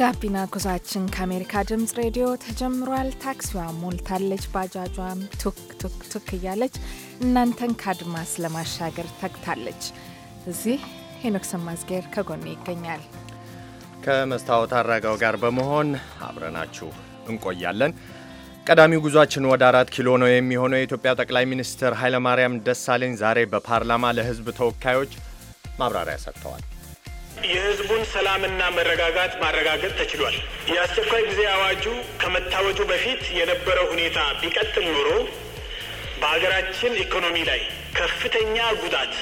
ጋቢና ጉዟችን ከአሜሪካ ድምፅ ሬዲዮ ተጀምሯል። ታክሲዋ ሞልታለች፣ ባጃጇም ቱክ ቱክ ቱክ እያለች እናንተን ከአድማስ ለማሻገር ተግታለች። እዚህ ሄኖክ ሰማዝጌር ከጎኔ ይገኛል። ከመስታወት አረጋው ጋር በመሆን አብረናችሁ እንቆያለን። ቀዳሚው ጉዟችን ወደ አራት ኪሎ ነው የሚሆነው። የኢትዮጵያ ጠቅላይ ሚኒስትር ኃይለማርያም ደሳለኝ ዛሬ በፓርላማ ለሕዝብ ተወካዮች ማብራሪያ ሰጥተዋል። የህዝቡን ሰላምና መረጋጋት ማረጋገጥ ተችሏል። የአስቸኳይ ጊዜ አዋጁ ከመታወጁ በፊት የነበረው ሁኔታ ቢቀጥል ኖሮ በሀገራችን ኢኮኖሚ ላይ ከፍተኛ ጉዳት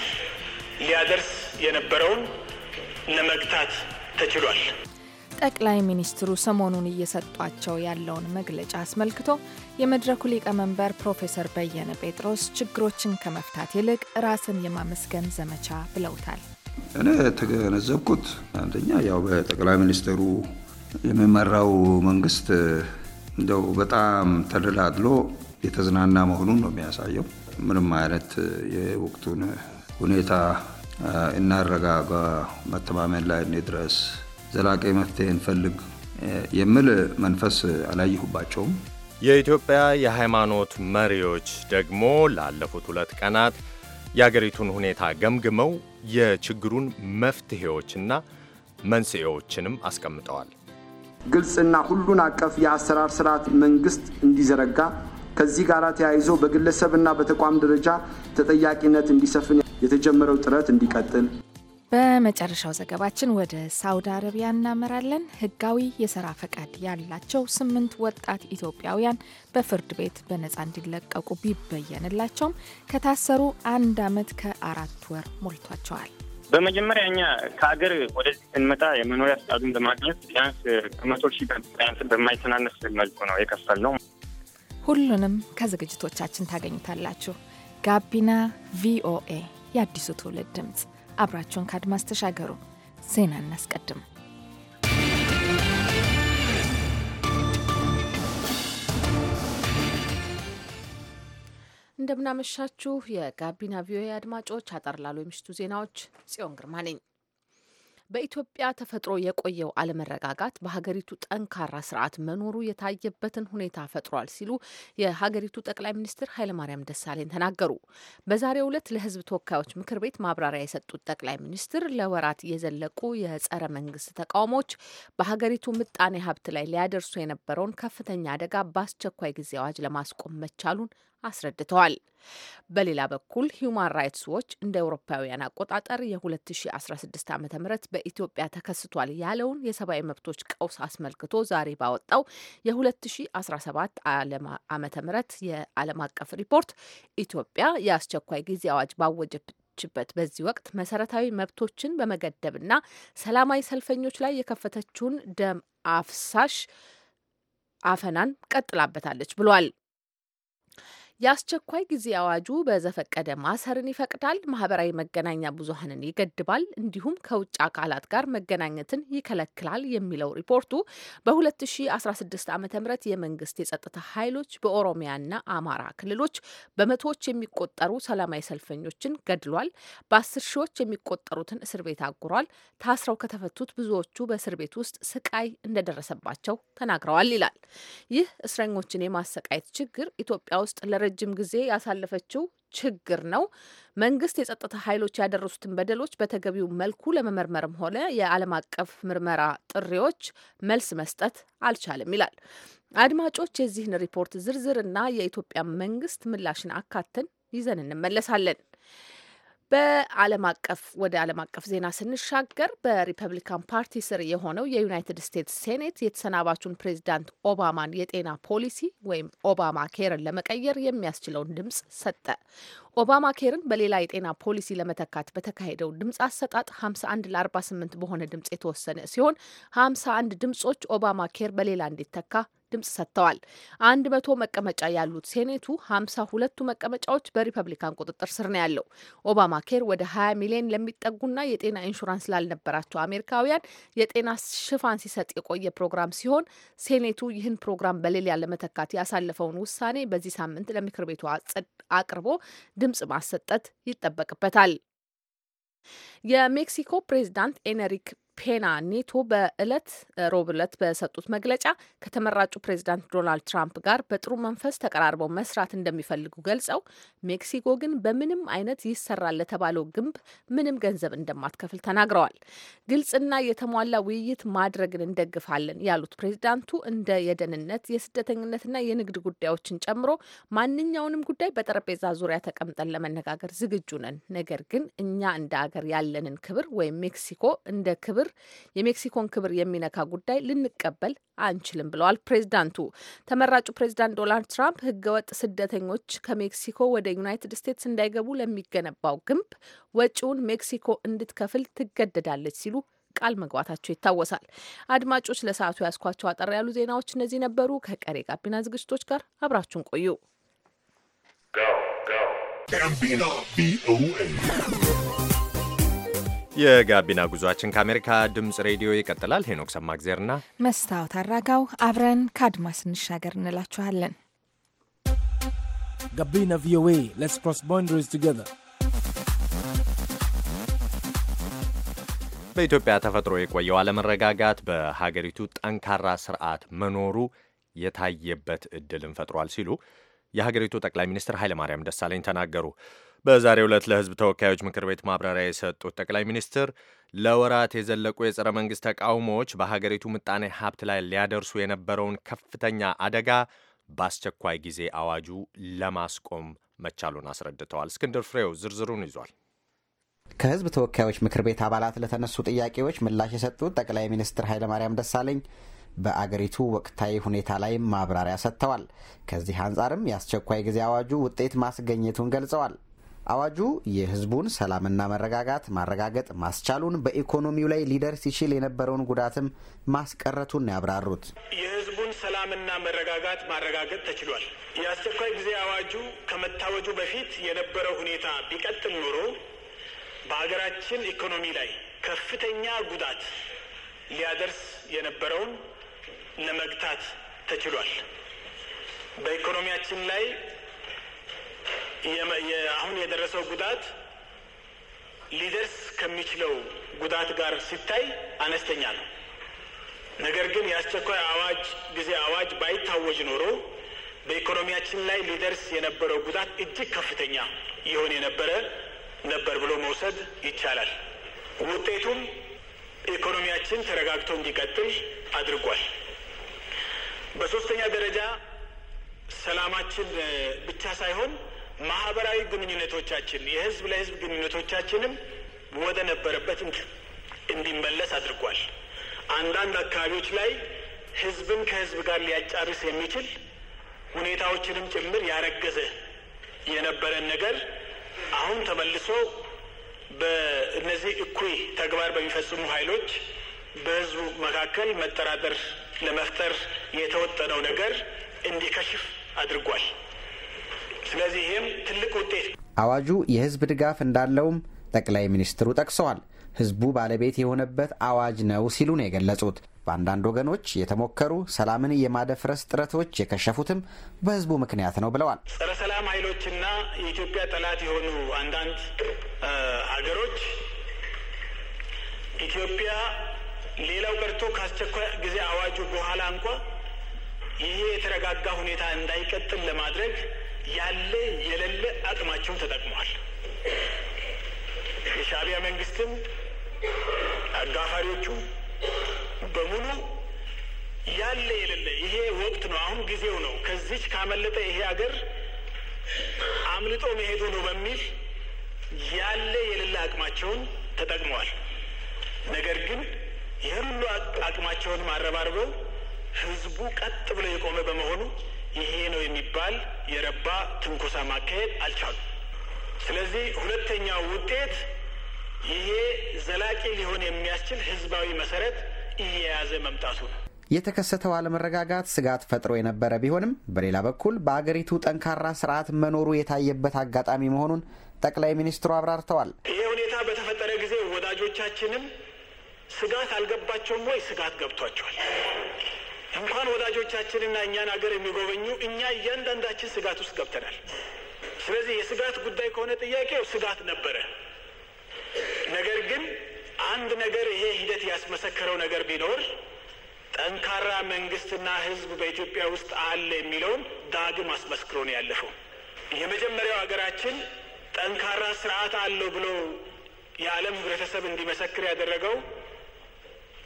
ሊያደርስ የነበረውን ለመግታት ተችሏል። ጠቅላይ ሚኒስትሩ ሰሞኑን እየሰጧቸው ያለውን መግለጫ አስመልክቶ የመድረኩ ሊቀመንበር ፕሮፌሰር በየነ ጴጥሮስ ችግሮችን ከመፍታት ይልቅ ራስን የማመስገን ዘመቻ ብለውታል። እኔ የተገነዘብኩት አንደኛ ያው በጠቅላይ ሚኒስትሩ የሚመራው መንግስት እንደው በጣም ተደላድሎ የተዝናና መሆኑን ነው የሚያሳየው። ምንም አይነት የወቅቱን ሁኔታ እናረጋጋ፣ መተማመን ላይ እንድረስ፣ ዘላቂ መፍትሄ እንፈልግ የሚል መንፈስ አላየሁባቸውም። የኢትዮጵያ የሃይማኖት መሪዎች ደግሞ ላለፉት ሁለት ቀናት የአገሪቱን ሁኔታ ገምግመው የችግሩን መፍትሄዎችና መንስኤዎችንም አስቀምጠዋል። ግልጽና ሁሉን አቀፍ የአሰራር ስርዓት መንግስት እንዲዘረጋ ከዚህ ጋር ተያይዞ በግለሰብና በተቋም ደረጃ ተጠያቂነት እንዲሰፍን የተጀመረው ጥረት እንዲቀጥል በመጨረሻው ዘገባችን ወደ ሳውዲ አረቢያ እናመራለን። ህጋዊ የስራ ፈቃድ ያላቸው ስምንት ወጣት ኢትዮጵያውያን በፍርድ ቤት በነፃ እንዲለቀቁ ቢበየንላቸውም ከታሰሩ አንድ አመት ከአራት ወር ሞልቷቸዋል። በመጀመሪያ እኛ ከሀገር ወደዚህ ስንመጣ የመኖሪያ ፍቃዱን በማግኘት ቢያንስ ከመቶ ሺህ ቢያንስ በማይተናነስ መልኩ ነው የከፈል ነው። ሁሉንም ከዝግጅቶቻችን ታገኙታላችሁ። ጋቢና ቪኦኤ የአዲሱ ትውልድ ድምፅ አብራችሁን ከአድማስ ተሻገሩ። ዜና እናስቀድም። እንደምናመሻችሁ የጋቢና ቪኦኤ አድማጮች፣ አጠር ላሉ የምሽቱ ዜናዎች ጽዮን ግርማ ነኝ። በኢትዮጵያ ተፈጥሮ የቆየው አለመረጋጋት በሀገሪቱ ጠንካራ ስርዓት መኖሩ የታየበትን ሁኔታ ፈጥሯል ሲሉ የሀገሪቱ ጠቅላይ ሚኒስትር ኃይለማርያም ደሳለኝ ተናገሩ። በዛሬው ዕለት ለሕዝብ ተወካዮች ምክር ቤት ማብራሪያ የሰጡት ጠቅላይ ሚኒስትር ለወራት የዘለቁ የጸረ መንግስት ተቃውሞዎች በሀገሪቱ ምጣኔ ሀብት ላይ ሊያደርሱ የነበረውን ከፍተኛ አደጋ በአስቸኳይ ጊዜ አዋጅ ለማስቆም መቻሉን አስረድተዋል። በሌላ በኩል ሂዩማን ራይትስ ዎች እንደ አውሮፓውያን አቆጣጠር የ2016 ዓ ም በኢትዮጵያ ተከስቷል ያለውን የሰብአዊ መብቶች ቀውስ አስመልክቶ ዛሬ ባወጣው የ2017 ዓ ም የዓለም አቀፍ ሪፖርት ኢትዮጵያ የአስቸኳይ ጊዜ አዋጅ ባወጀበት ችበት በዚህ ወቅት መሰረታዊ መብቶችን በመገደብና ሰላማዊ ሰልፈኞች ላይ የከፈተችውን ደም አፍሳሽ አፈናን ቀጥላበታለች ብሏል። የአስቸኳይ ጊዜ አዋጁ በዘፈቀደ ማሰርን ይፈቅዳል፣ ማህበራዊ መገናኛ ብዙሀንን ይገድባል፣ እንዲሁም ከውጭ አካላት ጋር መገናኘትን ይከለክላል የሚለው ሪፖርቱ በ2016 ዓ ም የመንግስት የጸጥታ ኃይሎች በኦሮሚያና አማራ ክልሎች በመቶዎች የሚቆጠሩ ሰላማዊ ሰልፈኞችን ገድሏል፣ በአስር ሺዎች የሚቆጠሩትን እስር ቤት አጉሯል፣ ታስረው ከተፈቱት ብዙዎቹ በእስር ቤት ውስጥ ስቃይ እንደደረሰባቸው ተናግረዋል ይላል። ይህ እስረኞችን የማሰቃየት ችግር ኢትዮጵያ ውስጥ ለረጅም ጊዜ ያሳለፈችው ችግር ነው። መንግስት የጸጥታ ኃይሎች ያደረሱትን በደሎች በተገቢው መልኩ ለመመርመርም ሆነ የዓለም አቀፍ ምርመራ ጥሪዎች መልስ መስጠት አልቻለም ይላል። አድማጮች የዚህን ሪፖርት ዝርዝርና የኢትዮጵያ መንግስት ምላሽን አካተን ይዘን እንመለሳለን። በዓለም አቀፍ ወደ ዓለም አቀፍ ዜና ስንሻገር በሪፐብሊካን ፓርቲ ስር የሆነው የዩናይትድ ስቴትስ ሴኔት የተሰናባቹን ፕሬዚዳንት ኦባማን የጤና ፖሊሲ ወይም ኦባማ ኬርን ለመቀየር የሚያስችለውን ድምፅ ሰጠ። ኦባማ ኬርን በሌላ የጤና ፖሊሲ ለመተካት በተካሄደው ድምፅ አሰጣጥ 51 ለ48 በሆነ ድምፅ የተወሰነ ሲሆን 51 ድምጾች ኦባማ ኬር በሌላ እንዲተካ ድምጽ ሰጥተዋል። አንድ መቶ መቀመጫ ያሉት ሴኔቱ ሀምሳ ሁለቱ መቀመጫዎች በሪፐብሊካን ቁጥጥር ስር ነው ያለው። ኦባማ ኬር ወደ ሀያ ሚሊዮን ለሚጠጉና የጤና ኢንሹራንስ ላልነበራቸው አሜሪካውያን የጤና ሽፋን ሲሰጥ የቆየ ፕሮግራም ሲሆን ሴኔቱ ይህን ፕሮግራም በሌላ ለመተካት ያሳለፈውን ውሳኔ በዚህ ሳምንት ለምክር ቤቱ አቅርቦ ድምጽ ማሰጠት ይጠበቅበታል። የሜክሲኮ ፕሬዚዳንት ኤነሪክ ፔና ኔቶ በእለት ሮብ እለት በሰጡት መግለጫ ከተመራጩ ፕሬዚዳንት ዶናልድ ትራምፕ ጋር በጥሩ መንፈስ ተቀራርበው መስራት እንደሚፈልጉ ገልጸው ሜክሲኮ ግን በምንም አይነት ይሰራል ለተባለው ግንብ ምንም ገንዘብ እንደማትከፍል ተናግረዋል። ግልጽና የተሟላ ውይይት ማድረግን እንደግፋለን ያሉት ፕሬዚዳንቱ እንደ የደህንነት፣ የስደተኝነትና የንግድ ጉዳዮችን ጨምሮ ማንኛውንም ጉዳይ በጠረጴዛ ዙሪያ ተቀምጠን ለመነጋገር ዝግጁ ነን። ነገር ግን እኛ እንደ ሀገር ያለንን ክብር ወይም ሜክሲኮ እንደ ክብር ክብር የሜክሲኮን ክብር የሚነካ ጉዳይ ልንቀበል አንችልም ብለዋል ፕሬዚዳንቱ። ተመራጩ ፕሬዚዳንት ዶናልድ ትራምፕ ህገወጥ ስደተኞች ከሜክሲኮ ወደ ዩናይትድ ስቴትስ እንዳይገቡ ለሚገነባው ግንብ ወጪውን ሜክሲኮ እንድትከፍል ትገደዳለች ሲሉ ቃል መግባታቸው ይታወሳል። አድማጮች ለሰዓቱ ያስኳቸው አጠር ያሉ ዜናዎች እነዚህ ነበሩ። ከቀሬ ጋቢና ዝግጅቶች ጋር አብራችሁን ቆዩ። ጋቢና ቪኦኤ የጋቢና ጉዟችን ከአሜሪካ ድምፅ ሬዲዮ ይቀጥላል። ሄኖክ ሰማግዜርና መስታወት አራጋው አብረን ከአድማስ እንሻገር እንላችኋለን። ጋቢና ቪኦኤ ሌትስ ክሮስ ቦንደሪስ ቱጌዘር። በኢትዮጵያ ተፈጥሮ የቆየው አለመረጋጋት በሀገሪቱ ጠንካራ ስርዓት መኖሩ የታየበት እድልን ፈጥሯል ሲሉ የሀገሪቱ ጠቅላይ ሚኒስትር ኃይለማርያም ደሳለኝ ተናገሩ። በዛሬው ዕለት ለህዝብ ተወካዮች ምክር ቤት ማብራሪያ የሰጡት ጠቅላይ ሚኒስትር ለወራት የዘለቁ የጸረ መንግሥት ተቃውሞዎች በሀገሪቱ ምጣኔ ሀብት ላይ ሊያደርሱ የነበረውን ከፍተኛ አደጋ በአስቸኳይ ጊዜ አዋጁ ለማስቆም መቻሉን አስረድተዋል። እስክንድር ፍሬው ዝርዝሩን ይዟል። ከህዝብ ተወካዮች ምክር ቤት አባላት ለተነሱ ጥያቄዎች ምላሽ የሰጡት ጠቅላይ ሚኒስትር ኃይለማርያም ደሳለኝ በአገሪቱ ወቅታዊ ሁኔታ ላይ ማብራሪያ ሰጥተዋል። ከዚህ አንጻርም የአስቸኳይ ጊዜ አዋጁ ውጤት ማስገኘቱን ገልጸዋል። አዋጁ የህዝቡን ሰላምና መረጋጋት ማረጋገጥ ማስቻሉን፣ በኢኮኖሚው ላይ ሊደርስ ይችል የነበረውን ጉዳትም ማስቀረቱን ያብራሩት። የህዝቡን ሰላምና መረጋጋት ማረጋገጥ ተችሏል። የአስቸኳይ ጊዜ አዋጁ ከመታወጁ በፊት የነበረው ሁኔታ ቢቀጥል ኖሮ በሀገራችን ኢኮኖሚ ላይ ከፍተኛ ጉዳት ሊያደርስ የነበረውን ለመግታት ተችሏል። በኢኮኖሚያችን ላይ አሁን የደረሰው ጉዳት ሊደርስ ከሚችለው ጉዳት ጋር ሲታይ አነስተኛ ነው። ነገር ግን የአስቸኳይ አዋጅ ጊዜ አዋጅ ባይታወጅ ኖሮ በኢኮኖሚያችን ላይ ሊደርስ የነበረው ጉዳት እጅግ ከፍተኛ ይሆን የነበረ ነበር ብሎ መውሰድ ይቻላል። ውጤቱም ኢኮኖሚያችን ተረጋግቶ እንዲቀጥል አድርጓል። በሶስተኛ ደረጃ ሰላማችን ብቻ ሳይሆን ማህበራዊ ግንኙነቶቻችን፣ የህዝብ ለህዝብ ግንኙነቶቻችንም ወደ ነበረበት እንዲመለስ አድርጓል። አንዳንድ አካባቢዎች ላይ ህዝብን ከህዝብ ጋር ሊያጫርስ የሚችል ሁኔታዎችንም ጭምር ያረገዘ የነበረን ነገር አሁን ተመልሶ በእነዚህ እኩይ ተግባር በሚፈጽሙ ኃይሎች በህዝቡ መካከል መጠራጠር ለመፍጠር የተወጠነው ነገር እንዲከሽፍ አድርጓል። ስለዚህም ትልቅ ውጤት አዋጁ የህዝብ ድጋፍ እንዳለውም ጠቅላይ ሚኒስትሩ ጠቅሰዋል። ህዝቡ ባለቤት የሆነበት አዋጅ ነው ሲሉ ነው የገለጹት። በአንዳንድ ወገኖች የተሞከሩ ሰላምን የማደፍረስ ጥረቶች የከሸፉትም በህዝቡ ምክንያት ነው ብለዋል። ጸረ ሰላም ኃይሎችና የኢትዮጵያ ጠላት የሆኑ አንዳንድ ሀገሮች ኢትዮጵያ ሌላው ቀርቶ ከአስቸኳይ ጊዜ አዋጁ በኋላ እንኳ ይሄ የተረጋጋ ሁኔታ እንዳይቀጥል ለማድረግ ያለ የሌለ አቅማቸውን ተጠቅመዋል። የሻቢያ መንግስትም አጋፋሪዎቹ በሙሉ ያለ የሌለ ይሄ ወቅት ነው፣ አሁን ጊዜው ነው፣ ከዚች ካመለጠ ይሄ ሀገር አምልጦ መሄዱ ነው በሚል ያለ የሌለ አቅማቸውን ተጠቅመዋል። ነገር ግን ይህን ሁሉ አቅማቸውን ማረባርበው ህዝቡ ቀጥ ብሎ የቆመ በመሆኑ ይሄ ነው የሚባል የረባ ትንኮሳ ማካሄድ አልቻሉም። ስለዚህ ሁለተኛው ውጤት ይሄ ዘላቂ ሊሆን የሚያስችል ህዝባዊ መሰረት እየያዘ መምጣቱ ነው። የተከሰተው አለመረጋጋት ስጋት ፈጥሮ የነበረ ቢሆንም በሌላ በኩል በአገሪቱ ጠንካራ ስርዓት መኖሩ የታየበት አጋጣሚ መሆኑን ጠቅላይ ሚኒስትሩ አብራርተዋል። ይሄ ሁኔታ በተፈጠረ ጊዜ ወዳጆቻችንም ስጋት አልገባቸውም ወይ? ስጋት ገብቷቸዋል። እንኳን ወዳጆቻችንና እኛን አገር የሚጎበኙ እኛ እያንዳንዳችን ስጋት ውስጥ ገብተናል። ስለዚህ የስጋት ጉዳይ ከሆነ ጥያቄው ስጋት ነበረ። ነገር ግን አንድ ነገር ይሄ ሂደት ያስመሰከረው ነገር ቢኖር ጠንካራ መንግስትና ህዝብ በኢትዮጵያ ውስጥ አለ የሚለውን ዳግም አስመስክሮ ነው ያለፈው። የመጀመሪያው ሀገራችን ጠንካራ ስርዓት አለው ብሎ የዓለም ህብረተሰብ እንዲመሰክር ያደረገው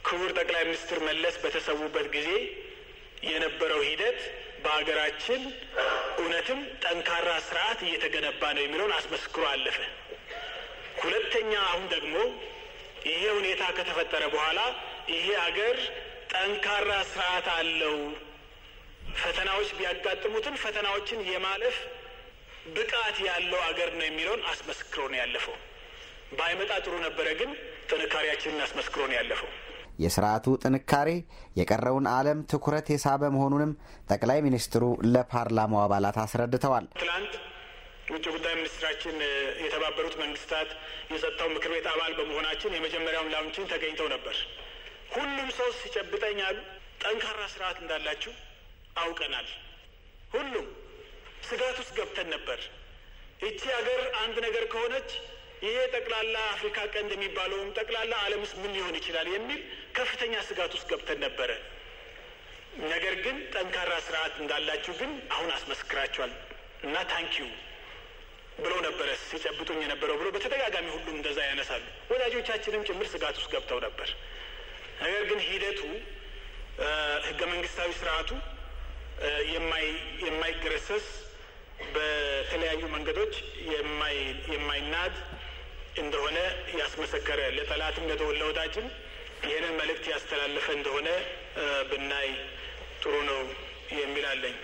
ክቡር ጠቅላይ ሚኒስትር መለስ በተሰዉበት ጊዜ የነበረው ሂደት በሀገራችን እውነትም ጠንካራ ስርዓት እየተገነባ ነው የሚለውን አስመስክሮ አለፈ። ሁለተኛ፣ አሁን ደግሞ ይሄ ሁኔታ ከተፈጠረ በኋላ ይሄ አገር ጠንካራ ስርዓት አለው፣ ፈተናዎች ቢያጋጥሙትን ፈተናዎችን የማለፍ ብቃት ያለው አገር ነው የሚለውን አስመስክሮ ነው ያለፈው። ባይመጣ ጥሩ ነበረ፣ ግን ጥንካሬያችንን አስመስክሮ ነው ያለፈው። የስርዓቱ ጥንካሬ የቀረውን ዓለም ትኩረት የሳበ መሆኑንም ጠቅላይ ሚኒስትሩ ለፓርላማው አባላት አስረድተዋል። ትላንት ውጭ ጉዳይ ሚኒስትራችን የተባበሩት መንግስታት የጸጥታው ምክር ቤት አባል በመሆናችን የመጀመሪያውን ላውንችን ተገኝተው ነበር። ሁሉም ሰው ሲጨብጠኝ አሉ ጠንካራ ስርዓት እንዳላችሁ አውቀናል። ሁሉም ስጋት ውስጥ ገብተን ነበር። ይቺ ሀገር አንድ ነገር ከሆነች ይሄ ጠቅላላ አፍሪካ ቀንድ የሚባለውም ጠቅላላ ዓለም ውስጥ ምን ሊሆን ይችላል የሚል ከፍተኛ ስጋት ውስጥ ገብተን ነበረ። ነገር ግን ጠንካራ ስርዓት እንዳላችሁ ግን አሁን አስመስክራችኋል እና ታንኪዩ ብለው ነበረ ሲጨብጡኝ የነበረው ብሎ በተደጋጋሚ ሁሉም እንደዛ ያነሳሉ። ወዳጆቻችንም ጭምር ስጋት ውስጥ ገብተው ነበር። ነገር ግን ሂደቱ ህገ መንግስታዊ ስርዓቱ የማይገረሰስ በተለያዩ መንገዶች የማይናድ እንደሆነ ያስመሰከረ ለጠላትም ለተወላወዳጅም ይህንን መልእክት ያስተላለፈ እንደሆነ ብናይ ጥሩ ነው የሚል አለኝ።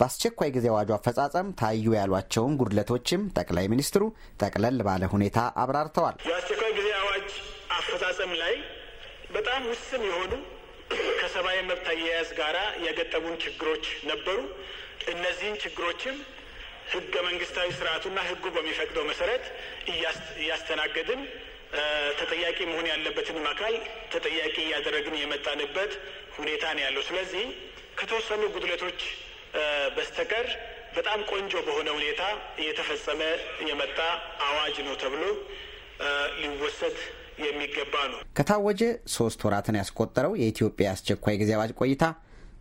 በአስቸኳይ ጊዜ አዋጁ አፈጻጸም ታዩ ያሏቸውን ጉድለቶችም ጠቅላይ ሚኒስትሩ ጠቅለል ባለ ሁኔታ አብራርተዋል። የአስቸኳይ ጊዜ አዋጅ አፈጻጸም ላይ በጣም ውስን የሆኑ ከሰብአዊ መብት አያያዝ ጋራ የገጠሙን ችግሮች ነበሩ። እነዚህን ችግሮችም ህገ መንግስታዊ ስርዓቱና ህጉ በሚፈቅደው መሰረት እያስተናገድን ተጠያቂ መሆን ያለበትንም አካል ተጠያቂ እያደረግን የመጣንበት ሁኔታ ነው ያለው። ስለዚህ ከተወሰኑ ጉድለቶች በስተቀር በጣም ቆንጆ በሆነ ሁኔታ እየተፈጸመ የመጣ አዋጅ ነው ተብሎ ሊወሰድ የሚገባ ነው። ከታወጀ ሶስት ወራትን ያስቆጠረው የኢትዮጵያ አስቸኳይ ጊዜ አዋጅ ቆይታ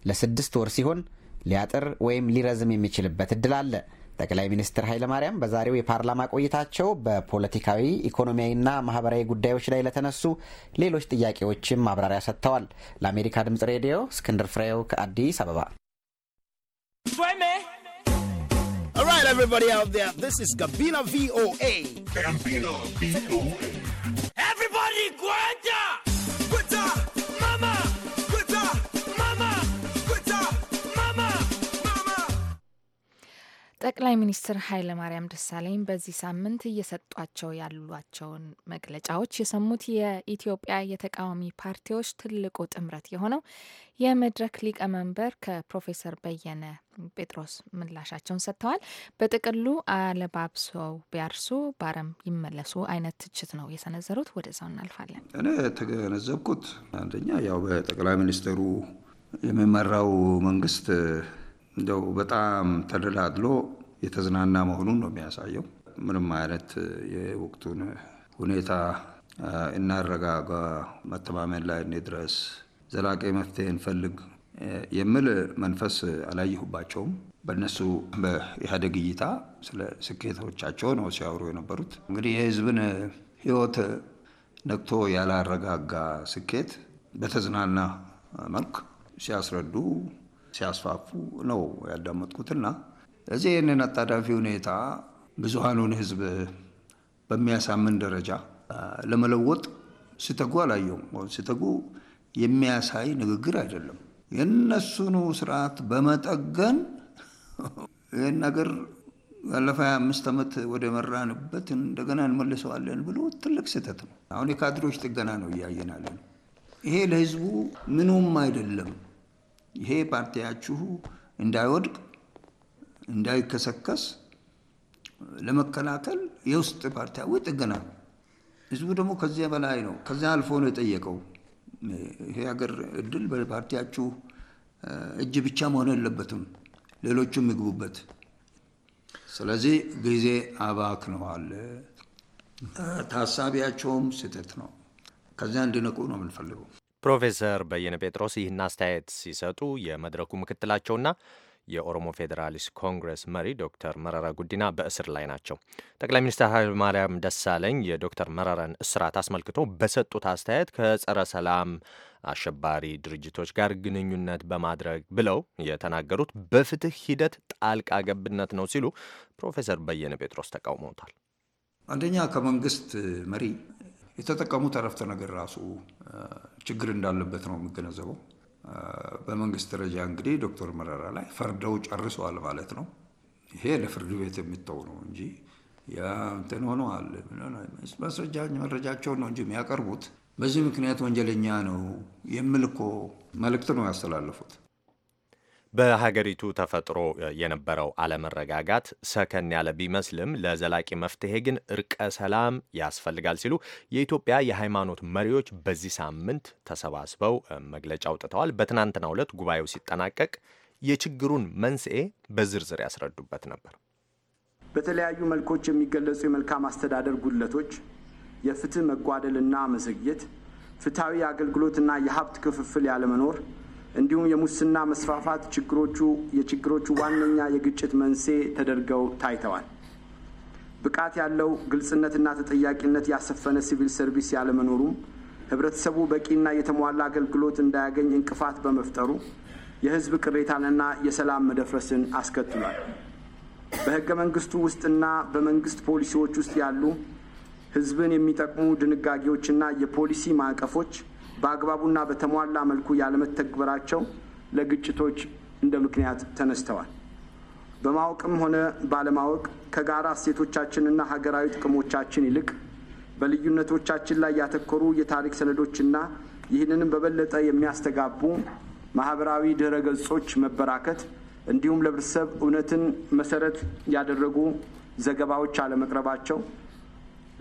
ለስድስት ወር ሲሆን ሊያጥር ወይም ሊረዝም የሚችልበት እድል አለ። ጠቅላይ ሚኒስትር ኃይለማርያም በዛሬው የፓርላማ ቆይታቸው በፖለቲካዊ ኢኮኖሚያዊና ማህበራዊ ጉዳዮች ላይ ለተነሱ ሌሎች ጥያቄዎችም ማብራሪያ ሰጥተዋል። ለአሜሪካ ድምጽ ሬዲዮ እስክንድር ፍሬው ከአዲስ አበባ። ጋቢና ቪኦኤ ጠቅላይ ሚኒስትር ማርያም ደሳለኝ በዚህ ሳምንት እየሰጧቸው ያሏቸውን መግለጫዎች የሰሙት የኢትዮጵያ የተቃዋሚ ፓርቲዎች ትልቁ ጥምረት የሆነው የመድረክ ሊቀመንበር ከፕሮፌሰር በየነ ጴጥሮስ ምላሻቸውን ሰጥተዋል። በጥቅሉ አለባብሰው ቢያርሱ ባረም ይመለሱ አይነት ትችት ነው የሰነዘሩት። ወደዛው እናልፋለን። እኔ የተገነዘብኩት አንደኛ ያው በጠቅላይ ሚኒስትሩ የሚመራው መንግስት እንደው በጣም ተደላድሎ የተዝናና መሆኑን ነው የሚያሳየው። ምንም አይነት የወቅቱን ሁኔታ እናረጋጋ፣ መተማመን ላይ እንድረስ፣ ዘላቂ መፍትሄ እንፈልግ የሚል መንፈስ አላየሁባቸውም። በእነሱ በኢህአዴግ እይታ ስለ ስኬቶቻቸው ነው ሲያወሩ የነበሩት። እንግዲህ የህዝብን ህይወት ነቅቶ ያላረጋጋ ስኬት በተዝናና መልክ ሲያስረዱ ሲያስፋፉ ነው ያዳመጥኩትና እዚህ ይህንን አጣዳፊ ሁኔታ ብዙሀኑን ህዝብ በሚያሳምን ደረጃ ለመለወጥ ሲተጉ አላየውም። ሲተጉ የሚያሳይ ንግግር አይደለም። የነሱኑ ስርዓት በመጠገን ይህን ነገር ያለፈ ሀያ አምስት ዓመት ወደ መራንበት እንደገና እንመልሰዋለን ብሎ ትልቅ ስህተት ነው። አሁን የካድሮች ጥገና ነው እያየናለን። ይሄ ለህዝቡ ምኑም አይደለም። ይሄ ፓርቲያችሁ እንዳይወድቅ እንዳይከሰከስ ለመከላከል የውስጥ ፓርቲያዊ ጥገና ህዝቡ ደግሞ ከዚያ በላይ ነው፣ ከዚያ አልፎ ነው የጠየቀው። ይሄ ሀገር እድል በፓርቲያችሁ እጅ ብቻ መሆን የለበትም፣ ሌሎቹም ይግቡበት። ስለዚህ ጊዜ አባክ ነው አለ። ታሳቢያቸውም ስህተት ነው። ከዚያ እንዲነቁ ነው የምንፈልገው። ፕሮፌሰር በየነ ጴጥሮስ ይህን አስተያየት ሲሰጡ የመድረኩ ምክትላቸውና የኦሮሞ ፌዴራሊስት ኮንግረስ መሪ ዶክተር መረራ ጉዲና በእስር ላይ ናቸው። ጠቅላይ ሚኒስትር ኃይለማርያም ደሳለኝ የዶክተር መረራን እስራት አስመልክቶ በሰጡት አስተያየት ከጸረ ሰላም አሸባሪ ድርጅቶች ጋር ግንኙነት በማድረግ ብለው የተናገሩት በፍትህ ሂደት ጣልቃ ገብነት ነው ሲሉ ፕሮፌሰር በየነ ጴጥሮስ ተቃውመውታል። አንደኛ ከመንግስት መሪ የተጠቀሙት አረፍተ ነገር ራሱ ችግር እንዳለበት ነው የሚገነዘበው። በመንግስት ደረጃ እንግዲህ ዶክተር መረራ ላይ ፈርደው ጨርሰዋል ማለት ነው። ይሄ ለፍርድ ቤት የሚተው ነው እንጂ እንትን ሆነዋል ማስረጃ መረጃቸውን ነው እንጂ የሚያቀርቡት። በዚህ ምክንያት ወንጀለኛ ነው የሚል እኮ መልእክት ነው ያስተላለፉት። በሀገሪቱ ተፈጥሮ የነበረው አለመረጋጋት ሰከን ያለ ቢመስልም ለዘላቂ መፍትሄ ግን እርቀ ሰላም ያስፈልጋል ሲሉ የኢትዮጵያ የሃይማኖት መሪዎች በዚህ ሳምንት ተሰባስበው መግለጫ አውጥተዋል። በትናንትናው ዕለት ጉባኤው ሲጠናቀቅ የችግሩን መንስኤ በዝርዝር ያስረዱበት ነበር። በተለያዩ መልኮች የሚገለጹ የመልካም አስተዳደር ጉድለቶች፣ የፍትህ መጓደልና መዘግየት፣ ፍትሐዊ አገልግሎትና የሀብት ክፍፍል ያለመኖር እንዲሁም የሙስና መስፋፋት ችግሮቹ የችግሮቹ ዋነኛ የግጭት መንስኤ ተደርገው ታይተዋል። ብቃት ያለው ግልጽነትና ተጠያቂነት ያሰፈነ ሲቪል ሰርቪስ ያለመኖሩም ህብረተሰቡ በቂና የተሟላ አገልግሎት እንዳያገኝ እንቅፋት በመፍጠሩ የህዝብ ቅሬታንና የሰላም መደፍረስን አስከትሏል። በህገ መንግስቱ ውስጥና በመንግስት ፖሊሲዎች ውስጥ ያሉ ህዝብን የሚጠቅሙ ድንጋጌዎችና የፖሊሲ ማዕቀፎች በአግባቡና በተሟላ መልኩ ያለመተግበራቸው ለግጭቶች እንደ ምክንያት ተነስተዋል። በማወቅም ሆነ ባለማወቅ ከጋራ እሴቶቻችንና ሀገራዊ ጥቅሞቻችን ይልቅ በልዩነቶቻችን ላይ ያተኮሩ የታሪክ ሰነዶችና ይህንንም በበለጠ የሚያስተጋቡ ማህበራዊ ድረ ገጾች መበራከት እንዲሁም ለህብረተሰብ እውነትን መሰረት ያደረጉ ዘገባዎች አለመቅረባቸው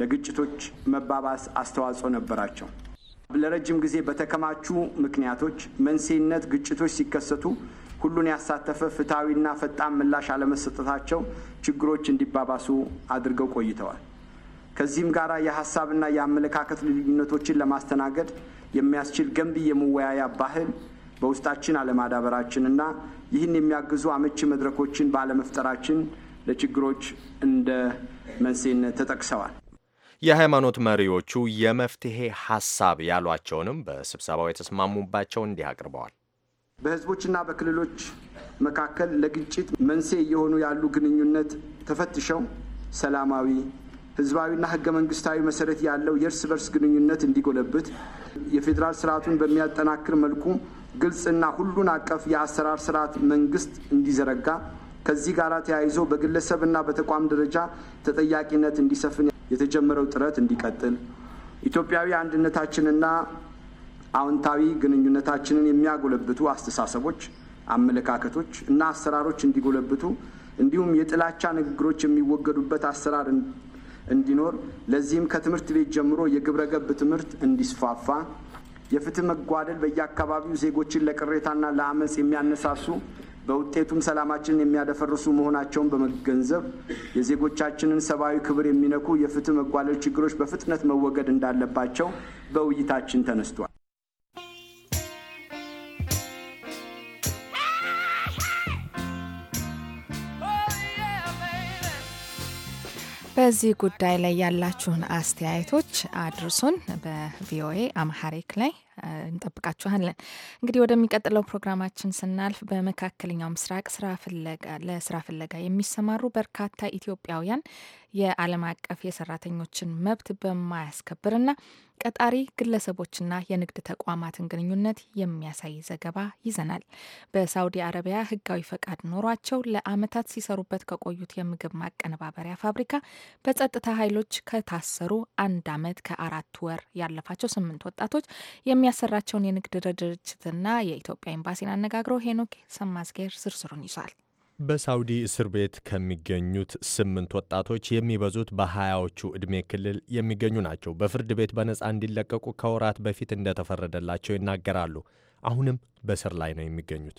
ለግጭቶች መባባስ አስተዋጽኦ ነበራቸው። ለረጅም ጊዜ በተከማቹ ምክንያቶች መንስኤነት ግጭቶች ሲከሰቱ ሁሉን ያሳተፈ ፍትሐዊና ፈጣን ምላሽ አለመሰጠታቸው ችግሮች እንዲባባሱ አድርገው ቆይተዋል። ከዚህም ጋር የሀሳብና የአመለካከት ልዩነቶችን ለማስተናገድ የሚያስችል ገንቢ የመወያያ ባህል በውስጣችን አለማዳበራችንና ይህን የሚያግዙ አመቺ መድረኮችን ባለመፍጠራችን ለችግሮች እንደ መንስኤነት ተጠቅሰዋል። የሃይማኖት መሪዎቹ የመፍትሄ ሀሳብ ያሏቸውንም በስብሰባው የተስማሙባቸው እንዲህ አቅርበዋል። በህዝቦችና በክልሎች መካከል ለግጭት መንስኤ እየሆኑ ያሉ ግንኙነት ተፈትሸው ሰላማዊ ህዝባዊና ህገ መንግስታዊ መሰረት ያለው የእርስ በርስ ግንኙነት እንዲጎለብት የፌዴራል ስርዓቱን በሚያጠናክር መልኩ ግልጽና ሁሉን አቀፍ የአሰራር ስርዓት መንግስት እንዲዘረጋ ከዚህ ጋር ተያይዞ በግለሰብና በተቋም ደረጃ ተጠያቂነት እንዲሰፍን የተጀመረው ጥረት እንዲቀጥል ኢትዮጵያዊ አንድነታችንና አዎንታዊ ግንኙነታችንን የሚያጎለብቱ አስተሳሰቦች፣ አመለካከቶች እና አሰራሮች እንዲጎለብቱ እንዲሁም የጥላቻ ንግግሮች የሚወገዱበት አሰራር እንዲኖር ለዚህም ከትምህርት ቤት ጀምሮ የግብረ ገብ ትምህርት እንዲስፋፋ የፍትህ መጓደል በየአካባቢው ዜጎችን ለቅሬታና ለአመፅ የሚያነሳሱ በውጤቱም ሰላማችንን የሚያደፈርሱ መሆናቸውን በመገንዘብ የዜጎቻችንን ሰብአዊ ክብር የሚነኩ የፍትህ መጓለል ችግሮች በፍጥነት መወገድ እንዳለባቸው በውይይታችን ተነስቷል። በዚህ ጉዳይ ላይ ያላችሁን አስተያየቶች አድርሱን። በቪኦኤ አምሐሪክ ላይ እንጠብቃችኋለን። እንግዲህ ወደሚቀጥለው ፕሮግራማችን ስናልፍ በመካከለኛው ምስራቅ ስራ ፍለጋ ለስራ ፍለጋ የሚሰማሩ በርካታ ኢትዮጵያውያን የዓለም አቀፍ የሰራተኞችን መብት በማያስከብርና ቀጣሪ ግለሰቦችና የንግድ ተቋማትን ግንኙነት የሚያሳይ ዘገባ ይዘናል። በሳውዲ አረቢያ ሕጋዊ ፈቃድ ኖሯቸው ለዓመታት ሲሰሩበት ከቆዩት የምግብ ማቀነባበሪያ ፋብሪካ በጸጥታ ኃይሎች ከታሰሩ አንድ ዓመት ከአራት ወር ያለፋቸው ስምንት ወጣቶች የሚያሰራቸውን የንግድ ድርጅትና የኢትዮጵያ ኤምባሲን አነጋግሮ ሄኖክ ሰማዝጌር ዝርዝሩን ይዟል። በሳውዲ እስር ቤት ከሚገኙት ስምንት ወጣቶች የሚበዙት በሀያዎቹ ዕድሜ ክልል የሚገኙ ናቸው። በፍርድ ቤት በነጻ እንዲለቀቁ ከወራት በፊት እንደተፈረደላቸው ይናገራሉ። አሁንም በእስር ላይ ነው የሚገኙት።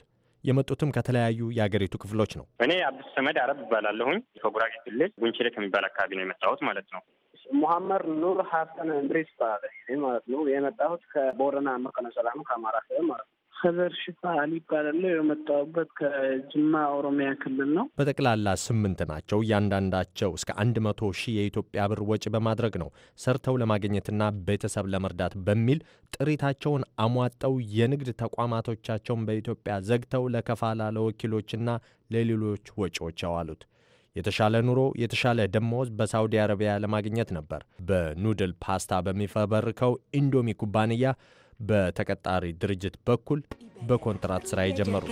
የመጡትም ከተለያዩ የአገሪቱ ክፍሎች ነው። እኔ አብዱስ ሰመድ አረብ እባላለሁኝ። ከጉራጌ ክልል ጉንችሌ ከሚባል አካባቢ ነው የመጣሁት ማለት ነው። ሙሐመድ ኑር ሀሰን እንድሪስ ይባላል ማለት ነው። የመጣሁት ከቦረና መቀነ ሰላሙ ከአማራ ማለት ነው ሰበር ሽፋል ይባላል። የመጣሁበት ከጅማ ኦሮሚያ ክልል ነው። በጠቅላላ ስምንት ናቸው። እያንዳንዳቸው እስከ አንድ መቶ ሺህ የኢትዮጵያ ብር ወጪ በማድረግ ነው ሰርተው ለማግኘትና ቤተሰብ ለመርዳት በሚል ጥሪታቸውን አሟጠው የንግድ ተቋማቶቻቸውን በኢትዮጵያ ዘግተው ለከፋላ ለወኪሎችና ለሌሎች ወጪዎች ያዋሉት። የተሻለ ኑሮ፣ የተሻለ ደሞዝ በሳውዲ አረቢያ ለማግኘት ነበር በኑድል ፓስታ በሚፈበርከው ኢንዶሚ ኩባንያ በተቀጣሪ ድርጅት በኩል በኮንትራት ሥራ የጀመሩ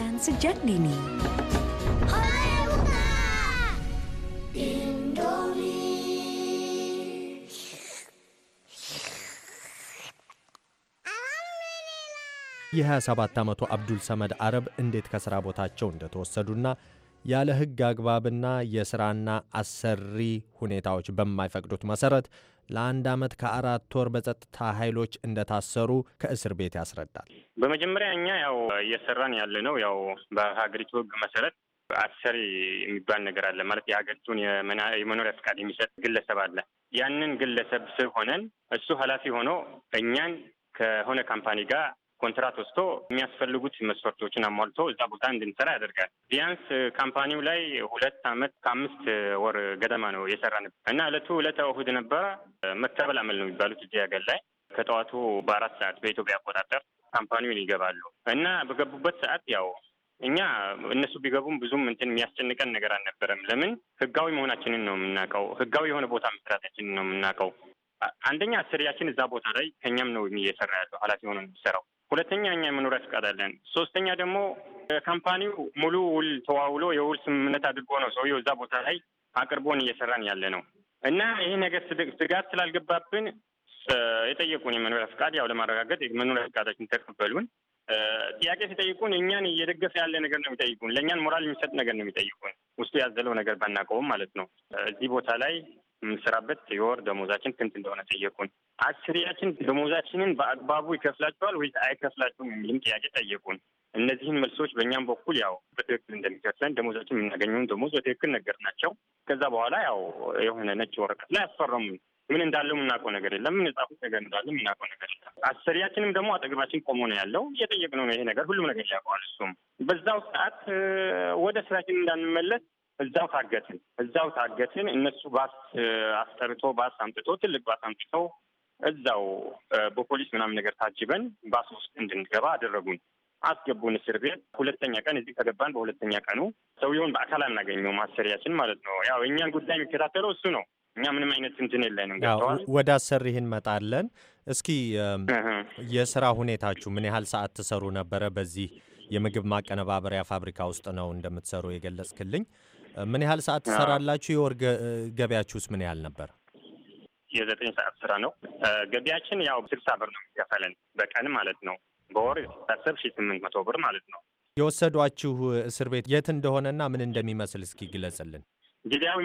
የ27 ዓመቱ አብዱል ሰመድ አረብ እንዴት ከሥራ ቦታቸው እንደተወሰዱና ያለ ሕግ አግባብና የሥራና አሰሪ ሁኔታዎች በማይፈቅዱት መሠረት ለአንድ ዓመት ከአራት ወር በጸጥታ ኃይሎች እንደታሰሩ ከእስር ቤት ያስረዳል። በመጀመሪያ እኛ ያው እየሰራን ያለ ነው ያው በሀገሪቱ ሕግ መሰረት አሰሪ የሚባል ነገር አለ ማለት የሀገሪቱን የመኖሪያ ፍቃድ የሚሰጥ ግለሰብ አለ። ያንን ግለሰብ ስር ሆነን እሱ ኃላፊ ሆኖ እኛን ከሆነ ካምፓኒ ጋር ኮንትራት ወስዶ የሚያስፈልጉት መስፈርቶችን አሟልቶ እዛ ቦታ እንድንሰራ ያደርጋል። ቢያንስ ካምፓኒው ላይ ሁለት አመት ከአምስት ወር ገደማ ነው የሰራ ነበር እና እለቱ እለተ እሁድ ነበረ። መከበል አመል ነው የሚባሉት እዚህ ሀገር ላይ ከጠዋቱ በአራት ሰዓት በኢትዮጵያ አቆጣጠር ካምፓኒውን ይገባሉ እና በገቡበት ሰዓት ያው እኛ እነሱ ቢገቡም ብዙም እንትን የሚያስጨንቀን ነገር አልነበረም። ለምን ህጋዊ መሆናችንን ነው የምናውቀው። ህጋዊ የሆነ ቦታ መስራታችንን ነው የምናውቀው። አንደኛ ስሪያችን እዛ ቦታ ላይ ከኛም ነው እየሰራ ያለው ኃላፊ ሆኖ የሚሰራው ሁለተኛ እኛ የመኖሪያ ፈቃድ አለን። ሶስተኛ ደግሞ ካምፓኒው ሙሉ ውል ተዋውሎ የውል ስምምነት አድርጎ ነው ሰውየው እዛ ቦታ ላይ አቅርቦን እየሰራን ያለ ነው እና ይህ ነገር ስጋት ስላልገባብን የጠየቁን የመኖሪያ ፍቃድ ያው ለማረጋገጥ መኖሪያ ፍቃዳችን ተቀበሉን። ጥያቄ ሲጠይቁን እኛን እየደገፈ ያለ ነገር ነው የሚጠይቁን። ለእኛን ሞራል የሚሰጥ ነገር ነው የሚጠይቁን። ውስጡ ያዘለው ነገር ባናቀውም ማለት ነው። እዚህ ቦታ ላይ የምንሰራበት የወር ደሞዛችን ስንት እንደሆነ ጠየቁን። አስሪያችን ደሞዛችንን በአግባቡ ይከፍላቸዋል ወይ አይከፍላቸውም የሚልም ጥያቄ ጠየቁን። እነዚህን መልሶች በእኛም በኩል ያው በትክክል እንደሚከፍለን ደሞዛችን የምናገኘውን ደሞዝ በትክክል ናቸው። ከዛ በኋላ ያው የሆነ ነጭ ወረቀት ላይ አስፈረሙን። ምን እንዳለው የምናውቀው ነገር የለም። ምን የጻፉት ነገር እንዳለ የምናውቀው ነገር የለም። አሰሪያችንም ደግሞ አጠገባችን ቆሞ ነው ያለው። እየጠየቅነው ነው ይሄ ነገር ሁሉም ነገር ያውቀዋል። እሱም በዛው ሰዓት ወደ ስራችን እንዳንመለስ እዛው ታገትን እዛው ታገትን። እነሱ ባስ አስጠርቶ ባስ አምጥቶ ትልቅ ባስ አምጥቶ እዛው በፖሊስ ምናምን ነገር ታጅበን ባስ ውስጥ እንድንገባ አደረጉን። አስገቡን እስር ቤት። ሁለተኛ ቀን እዚህ ከገባን በሁለተኛ ቀኑ ሰውየውን በአካል አናገኘው፣ ማሰሪያችን ማለት ነው። ያው የእኛን ጉዳይ የሚከታተለው እሱ ነው። እኛ ምንም አይነት እንትን የለንም። ገብተዋል። ወደ አሰሪህ እንመጣለን። እስኪ የስራ ሁኔታችሁ ምን ያህል ሰዓት ትሰሩ ነበረ? በዚህ የምግብ ማቀነባበሪያ ፋብሪካ ውስጥ ነው እንደምትሰሩ የገለጽክልኝ። ምን ያህል ሰዓት ትሰራላችሁ? የወር ገቢያችሁስ ምን ያህል ነበር? የዘጠኝ ሰዓት ስራ ነው ገቢያችን። ያው ስልሳ ብር ነው የሚከፈለን በቀን ማለት ነው። በወር ሲታሰብ ሺ ስምንት መቶ ብር ማለት ነው። የወሰዷችሁ እስር ቤት የት እንደሆነና ምን እንደሚመስል እስኪ ግለጽልን። ጊዜያዊ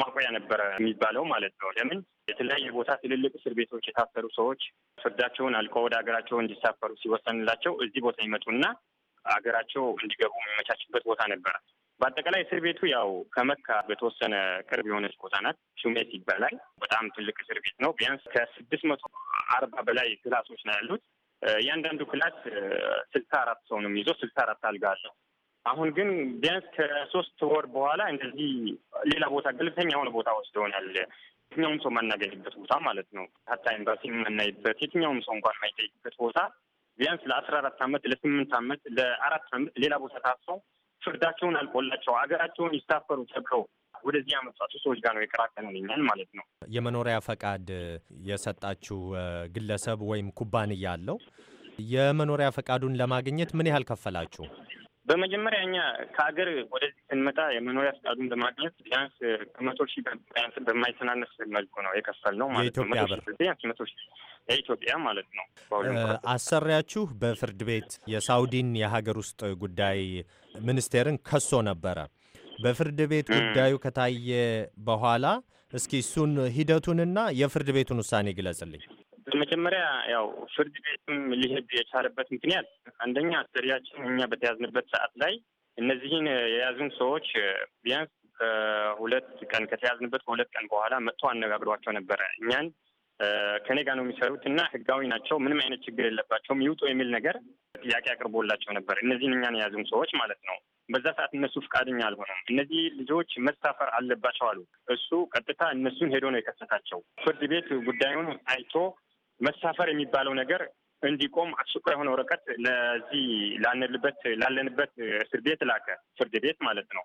ማቆያ ነበረ የሚባለው ማለት ነው። ለምን የተለያየ ቦታ ትልልቅ እስር ቤቶች የታሰሩ ሰዎች ፍርዳቸውን አልቀው ወደ ሀገራቸው እንዲሳፈሩ ሲወሰንላቸው እዚህ ቦታ ይመጡና ሀገራቸው እንዲገቡ የሚመቻችበት ቦታ ነበረ። በአጠቃላይ እስር ቤቱ ያው ከመካ በተወሰነ ቅርብ የሆነች ቦታ ናት። ሹሜት ይባላል። በጣም ትልቅ እስር ቤት ነው። ቢያንስ ከስድስት መቶ አርባ በላይ ክላሶች ነው ያሉት። እያንዳንዱ ክላስ ስልሳ አራት ሰው ነው የሚይዘው። ስልሳ አራት አልጋ አለው። አሁን ግን ቢያንስ ከሶስት ወር በኋላ እንደዚህ ሌላ ቦታ ገለልተኛ የሆነ ቦታ ወስደውናል። የትኛውም ሰው የማናገኝበት ቦታ ማለት ነው። ሀታ ኤምባሲ የምናይበት የትኛውም ሰው እንኳን የማይጠይቅበት ቦታ ቢያንስ ለአስራ አራት አመት ለስምንት አመት ለአራት አመት ሌላ ቦታ ታሰው ፍርዳቸውን አልቆላቸው ሀገራቸውን ይሳፈሩ ተብለው ወደዚህ ያመጧቱ ሰዎች ጋር ነው የቀራቀነንኛል ማለት ነው። የመኖሪያ ፈቃድ የሰጣችሁ ግለሰብ ወይም ኩባንያ አለው። የመኖሪያ ፈቃዱን ለማግኘት ምን ያህል ከፈላችሁ? በመጀመሪያ እኛ ከሀገር ወደዚህ ስንመጣ የመኖሪያ ፍቃዱን ለማግኘት ቢያንስ ከመቶ ሺ ቢያንስ በማይተናነስ መልኩ ነው የከፈል ነው ማለት ነው። ቢያንስ መቶ የኢትዮጵያ ማለት ነው። አሰሪያችሁ በፍርድ ቤት የሳውዲን የሀገር ውስጥ ጉዳይ ሚኒስቴርን ከሶ ነበረ። በፍርድ ቤት ጉዳዩ ከታየ በኋላ እስኪ እሱን ሂደቱንና የፍርድ ቤቱን ውሳኔ ግለጽልኝ። መጀመሪያ ያው ፍርድ ቤትም ሊሄድ የቻለበት ምክንያት አንደኛ አሰሪያችን እኛ በተያዝንበት ሰዓት ላይ እነዚህን የያዙን ሰዎች ቢያንስ ከሁለት ቀን ከተያዝንበት ከሁለት ቀን በኋላ መጥቶ አነጋግሯቸው ነበረ። እኛን ከኔ ጋር ነው የሚሰሩት እና ህጋዊ ናቸው፣ ምንም አይነት ችግር የለባቸውም፣ ይውጡ የሚል ነገር ጥያቄ አቅርቦላቸው ነበር። እነዚህን እኛን የያዙን ሰዎች ማለት ነው። በዛ ሰዓት እነሱ ፈቃደኛ አልሆነም። እነዚህ ልጆች መሳፈር አለባቸው አሉ። እሱ ቀጥታ እነሱን ሄዶ ነው የከሰታቸው። ፍርድ ቤት ጉዳዩን አይቶ መሳፈር የሚባለው ነገር እንዲቆም አስቸኳይ የሆነ ወረቀት ለዚህ ላንልበት ላለንበት እስር ቤት ላከ። ፍርድ ቤት ማለት ነው።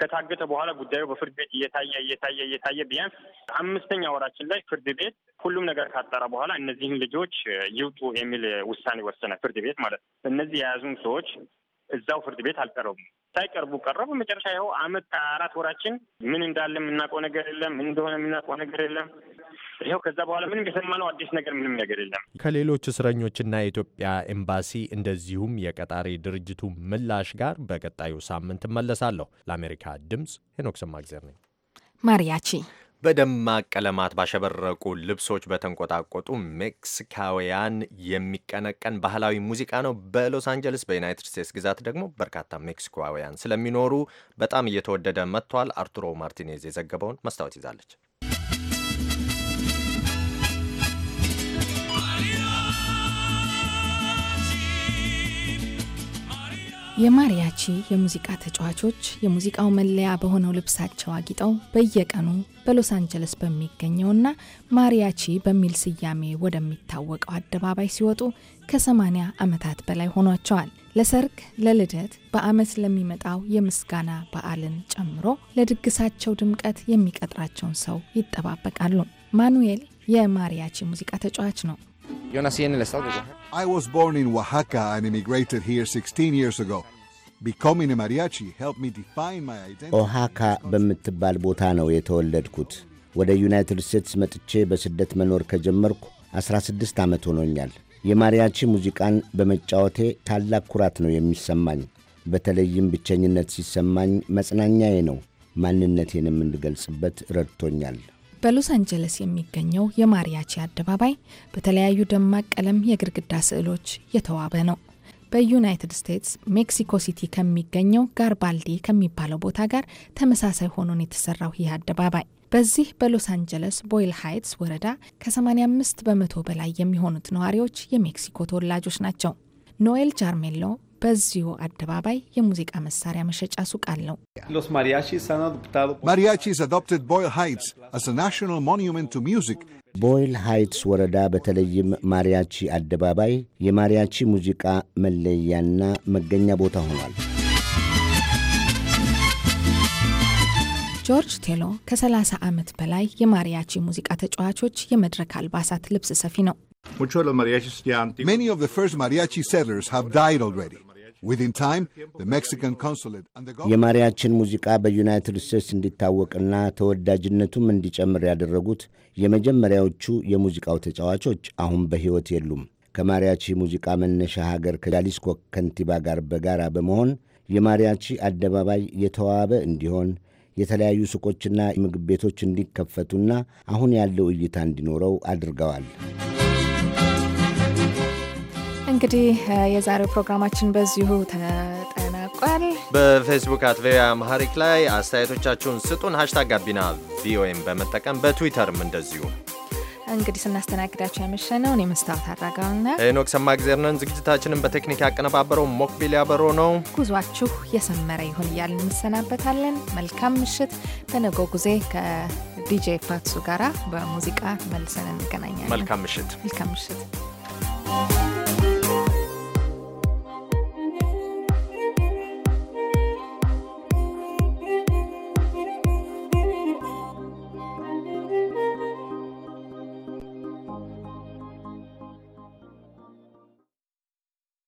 ከታገተ በኋላ ጉዳዩ በፍርድ ቤት እየታየ እየታየ እየታየ ቢያንስ አምስተኛ ወራችን ላይ ፍርድ ቤት ሁሉም ነገር ካጠራ በኋላ እነዚህን ልጆች ይውጡ የሚል ውሳኔ ወሰነ ፍርድ ቤት ማለት ነው። እነዚህ የያዙን ሰዎች እዛው ፍርድ ቤት አልቀረቡም። ሳይቀርቡ ቀረቡ። መጨረሻ ይኸው አመት ከአራት ወራችን ምን እንዳለ የምናውቀው ነገር የለም። ምን እንደሆነ የምናውቀው ነገር የለም። ይኸው ከዛ በኋላ ምንም የሰማነው አዲስ ነገር ምንም ነገር የለም። ከሌሎች እስረኞችና የኢትዮጵያ ኤምባሲ እንደዚሁም የቀጣሪ ድርጅቱ ምላሽ ጋር በቀጣዩ ሳምንት እመለሳለሁ። ለአሜሪካ ድምፅ ሄኖክ ሰማግዜር ነኝ። ማሪያቺ በደማቅ ቀለማት ባሸበረቁ ልብሶች በተንቆጣቆጡ ሜክሲካውያን የሚቀነቀን ባህላዊ ሙዚቃ ነው። በሎስ አንጀለስ በዩናይትድ ስቴትስ ግዛት ደግሞ በርካታ ሜክሲካውያን ስለሚኖሩ በጣም እየተወደደ መጥቷል። አርቱሮ ማርቲኔዝ የዘገበውን መስታወት ይዛለች። የማሪያቺ የሙዚቃ ተጫዋቾች የሙዚቃው መለያ በሆነው ልብሳቸው አጊጠው በየቀኑ በሎስ አንጀለስ በሚገኘውና ማሪያቺ በሚል ስያሜ ወደሚታወቀው አደባባይ ሲወጡ ከ80 ዓመታት በላይ ሆኗቸዋል። ለሰርግ፣ ለልደት፣ በዓመት ለሚመጣው የምስጋና በዓልን ጨምሮ ለድግሳቸው ድምቀት የሚቀጥራቸውን ሰው ይጠባበቃሉ። ማኑኤል የማሪያቺ ሙዚቃ ተጫዋች ነው። Yo nací en el estado de ah. Oaxaca. I was born in Oaxaca and immigrated here 16 years ago. Becoming a mariachi helped me define my identity. Oaxaca በምትባል ቦታ ነው የተወለድኩት። ወደ ዩናይትድ ስቴትስ መጥቼ በስደት መኖር ከጀመርኩ 16 ዓመት ሆኖኛል። የማሪያቺ ሙዚቃን በመጫወቴ ታላቅ ኩራት ነው የሚሰማኝ። በተለይም ብቸኝነት ሲሰማኝ መጽናኛዬ ነው። ማንነቴንም እንድገልጽበት ረድቶኛል። በሎስ አንጀለስ የሚገኘው የማሪያቺ አደባባይ በተለያዩ ደማቅ ቀለም የግድግዳ ስዕሎች የተዋበ ነው። በዩናይትድ ስቴትስ ሜክሲኮ ሲቲ ከሚገኘው ጋርባልዲ ከሚባለው ቦታ ጋር ተመሳሳይ ሆኖን የተሰራው ይህ አደባባይ በዚህ በሎስ አንጀለስ ቦይል ሃይትስ ወረዳ ከ85 በመቶ በላይ የሚሆኑት ነዋሪዎች የሜክሲኮ ተወላጆች ናቸው። ኖኤል ጃርሜሎ በዚሁ አደባባይ የሙዚቃ መሳሪያ መሸጫ ሱቅ አለው። ቦይል ሃይትስ ወረዳ በተለይም ማሪያቺ አደባባይ የማሪያቺ ሙዚቃ መለያና መገኛ ቦታ ሆኗል። ጆርጅ ቴሎ ከ30 ዓመት በላይ የማሪያቺ ሙዚቃ ተጫዋቾች የመድረክ አልባሳት ልብስ ሰፊ ነው። የማሪያችን ሙዚቃ በዩናይትድ ስቴትስ እንዲታወቅና ተወዳጅነቱም እንዲጨምር ያደረጉት የመጀመሪያዎቹ የሙዚቃው ተጫዋቾች አሁን በሕይወት የሉም። ከማሪያቺ ሙዚቃ መነሻ ሀገር ከጃሊስኮ ከንቲባ ጋር በጋራ በመሆን የማሪያቺ አደባባይ የተዋበ እንዲሆን የተለያዩ ሱቆችና ምግብ ቤቶች እንዲከፈቱና አሁን ያለው እይታ እንዲኖረው አድርገዋል። እንግዲህ የዛሬው ፕሮግራማችን በዚሁ ተጠናቋል። በፌስቡክ አት ቪኦኤ አምሃሪክ ላይ አስተያየቶቻችሁን ስጡን። ሀሽታግ ጋቢና ቪኦኤም በመጠቀም በትዊተርም እንደዚሁ እንግዲህ ስናስተናግዳቸው ያመሸነው እኔ መስታወት አድራጋውና ሄኖክ ሰማ ጊዜር ነን። ዝግጅታችንን በቴክኒክ ያቀነባበረው ሞክቢል ያበሮ ነው። ጉዟችሁ የሰመረ ይሁን እያልን እንሰናበታለን። መልካም ምሽት። በነገው ጉዜ ከዲጄ ፓትሱ ጋራ በሙዚቃ መልሰን እንገናኛለን። መልካም ምሽት። መልካም ምሽት።